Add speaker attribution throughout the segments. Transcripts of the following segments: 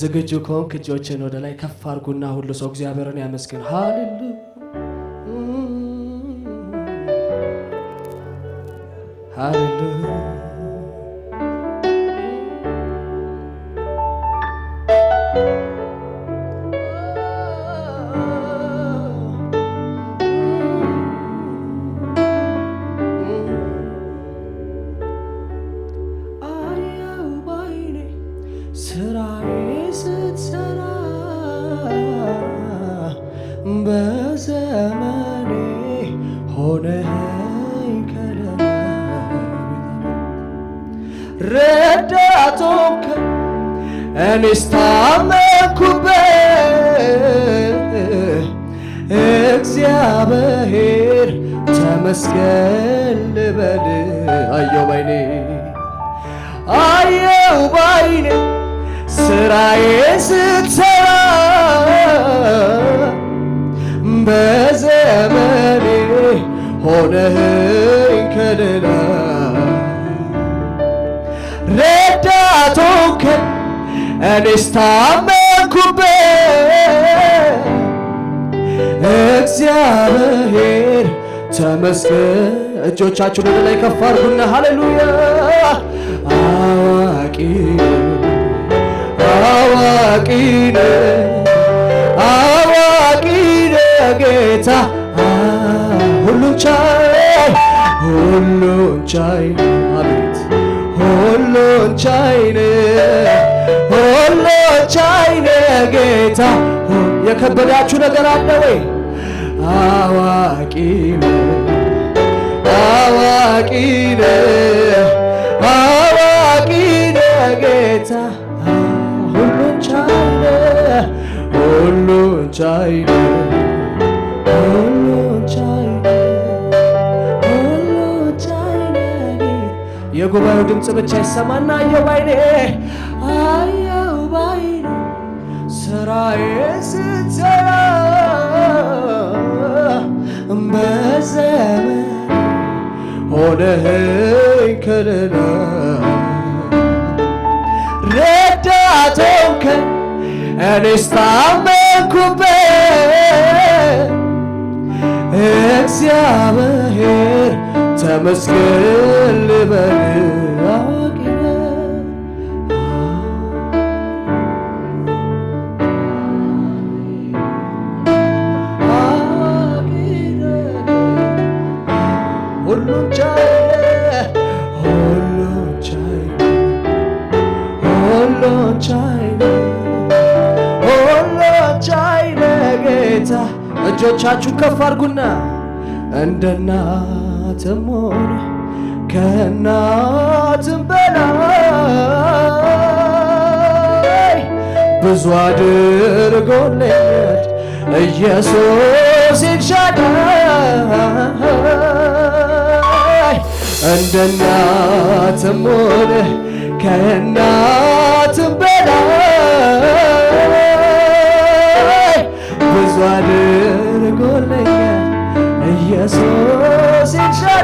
Speaker 1: ዝግጁ ከሆንክ እጆችን ወደ ላይ ከፍ አድርጉና ሁሉ ሰው እግዚአብሔርን ያመስግን። ሀሌሉ ሀሌሉ
Speaker 2: ስራ በዘመኔ ሆነህ ከለላ ረዳቶከ እኔስ ታመንኩበት እግዚአብሔር ተመስገን ልበል። አየሁ ባይኔ አየሁ ባይኔ ስራዬ ስትሰራ በዘመኔ ሆነህኝ ከለላ ረዳቶከ እኔስ እግዚአብሔር ተመስገን። እጆቻችሁን ወደ ላይ ከፍ አድርጉና ሃሌሉያ አዋቂ አዋቂ ጌታ ሁሉን ቻይ ሁሉን ቻይ አቤት ሁሉን ቻይ ሁሉን ቻይ ጌታ የከበዳችሁ ነገር አለ ወይ? አዋቂ አዋቂ አዋቂ ጌታ ሁሉን ቻይ ሁሉን ቻይ የጉባኤው ድምፅ ብቻ ይሰማና አየው ባይኔ አየው ባይኔ ስራዬ ስትሰራ በዘመን ሆነኸኝ ከለላ ረዳቶንከ እግዚአብሔር ተመስገን ልበል እጆቻችሁ ከፍ አድርጉና እንደና ስሙን ከእናትም በላይ ብዙ አድርጎልኛል ኢየሱስ ኤልሻዳይ እንደ እናትም ሆነ ከእናትም በላይ ብዙ አድርጎልኛል ኢየሱስ ይሻላል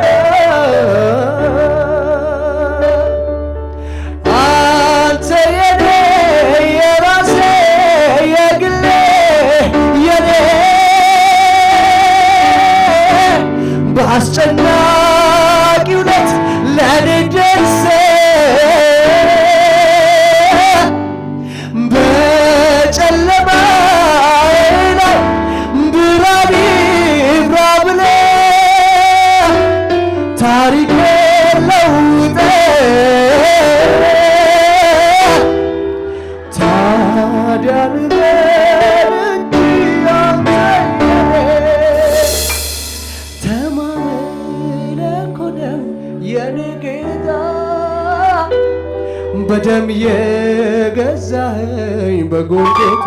Speaker 2: በደም የገዛኸኝ በጎልጎታ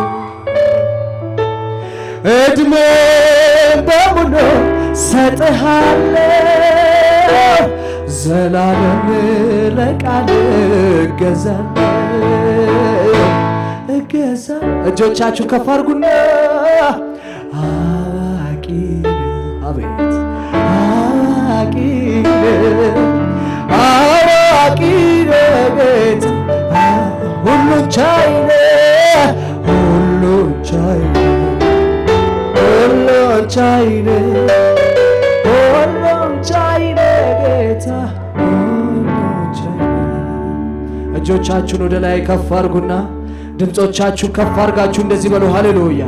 Speaker 2: እድሜ በሙሉ ሰጥሃለሁ ዘላለም ለቃል እገዛለሁ እገዛ እጆቻችሁ ከፍ አድርጉና አዋቂ አቤት አዋቂ ቻይ ነህ፣ ሁሉን ቻይ ነህ፣ ሁሉን ጌታ እጆቻችሁን ወደ ላይ ከፍ አድርጉና ድምፆቻችሁን ከፍ እንደዚህ በሉ ሃሌሉያ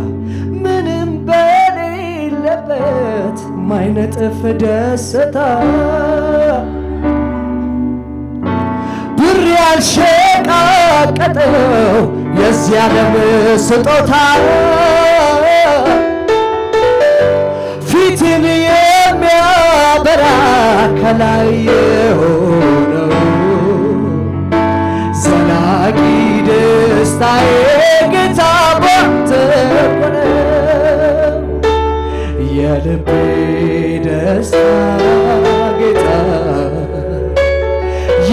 Speaker 2: ምንም በሌለበት ማይነጥፍ ደስታ ምድር ያልሸቃቀጠው የዚህ ዓለም ስጦታ ፊትን የሚያበራ ከላይ የሆነው ዘላቂ ደስታዬ ጌታ ባንተ ሆነ የልቤ ደስታ ጌታ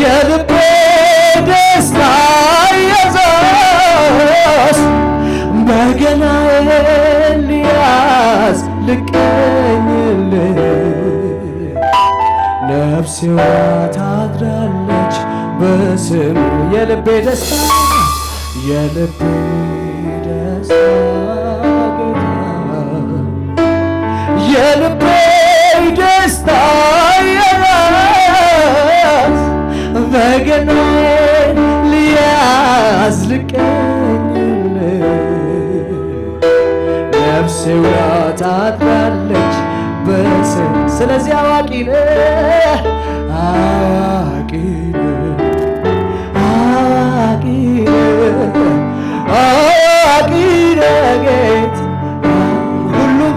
Speaker 2: የልቤ ብቀኝልህ ነፍሴዋ ታድራለች በስም የልቤ ደስታ የልቤ ደስታ የልቤ ደስታ ታጥራለች በስም ስለዚህ አዋቂ ነህ አዋቂ አዋቂ አዋቂ ጌታ ሁሉን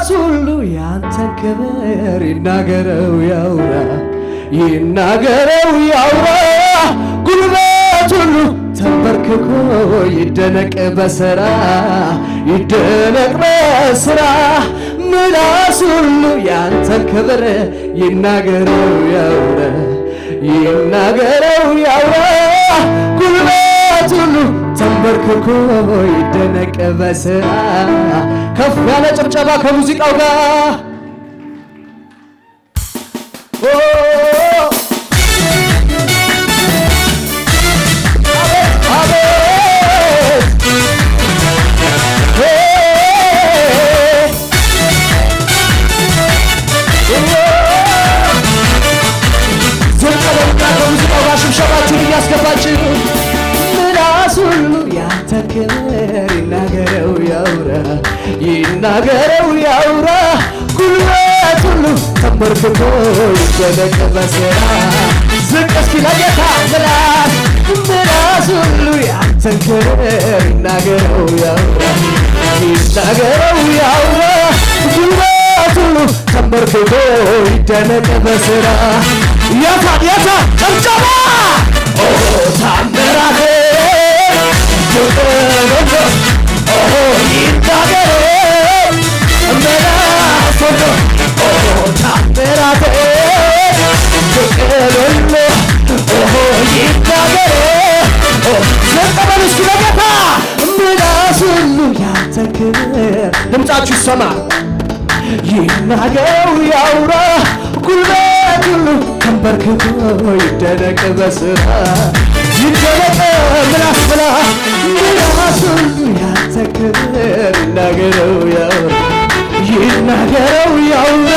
Speaker 2: ምላሱ ሁሉ ያንተን ክብር ይናገረው ያውራ ይናገረው ያውራ ጉልበት ሁሉ ተንበርክኮ ይደነቅ በስራ ይደነቅ በስራ ምላስ ሁሉ ያንተን ክብር ይናገረው ያውራ ይናገረው ያውራ ጉልበት አበርክኮ ይደነቅ በስራ ከፍ ያለ ጭብጨባ ከሙዚቃው ጋር ሽብሸባችሁን እያስገባችሁ ያንተን ክብር ይናገረው ያውራ ይናገረው ያውራ ጉልበት ሁሉ ተንበርክኮ ይውደቅ በስራ ዝቅ እስኪል ለጌታ ምላስ ምላስ ሁሉ ያንተን ክብር ይናገረው ያውራ ይናገረው ያውራ ጉልበት ሁሉ ተንበርክኮ ይደነቅ በስራ ያታ ያታ ጨብጨባ ታምራቴ ድምጻችሁ ይሰማ ይናገው ያውራ ጉልበት ሁሉ ተንበርክኮ ይደነቅ በስራ ይገለጠ ምላስ ብላ ይናገረው ያውራ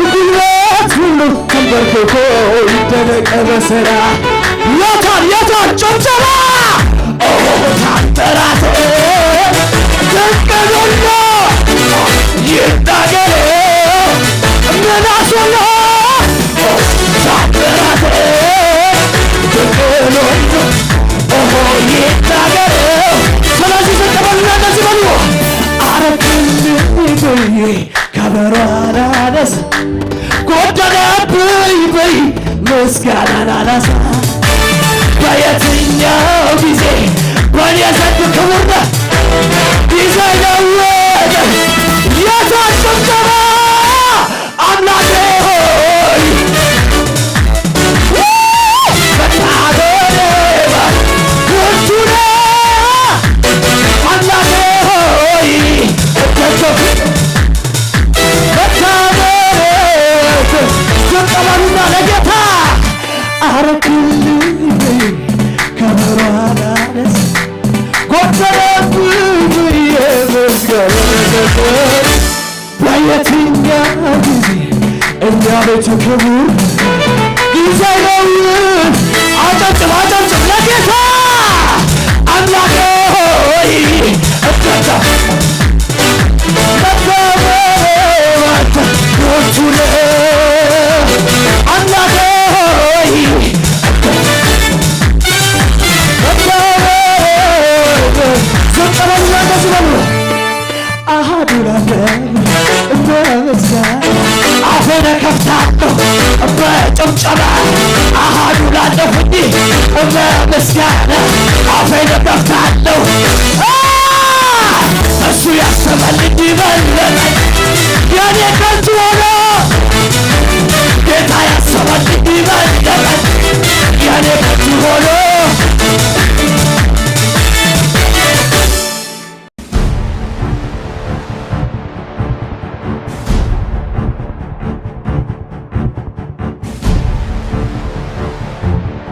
Speaker 2: ጉልበት ሁሉ ተንበርክኮ ይደነቀ በሥራ የታን የታን ጭብጨባ ታጠራት ደቀዘሎ ይናገረው ምላስ ብላ በየትኛው ጊዜ በኔ ዘንድ ክቡር ነህ። to come in. እንዲበልጥ የኔ ከንቱ ሆኖ ጌታ ያሰባት እንዲበልጥ የኔ ከንቱ ሆኖ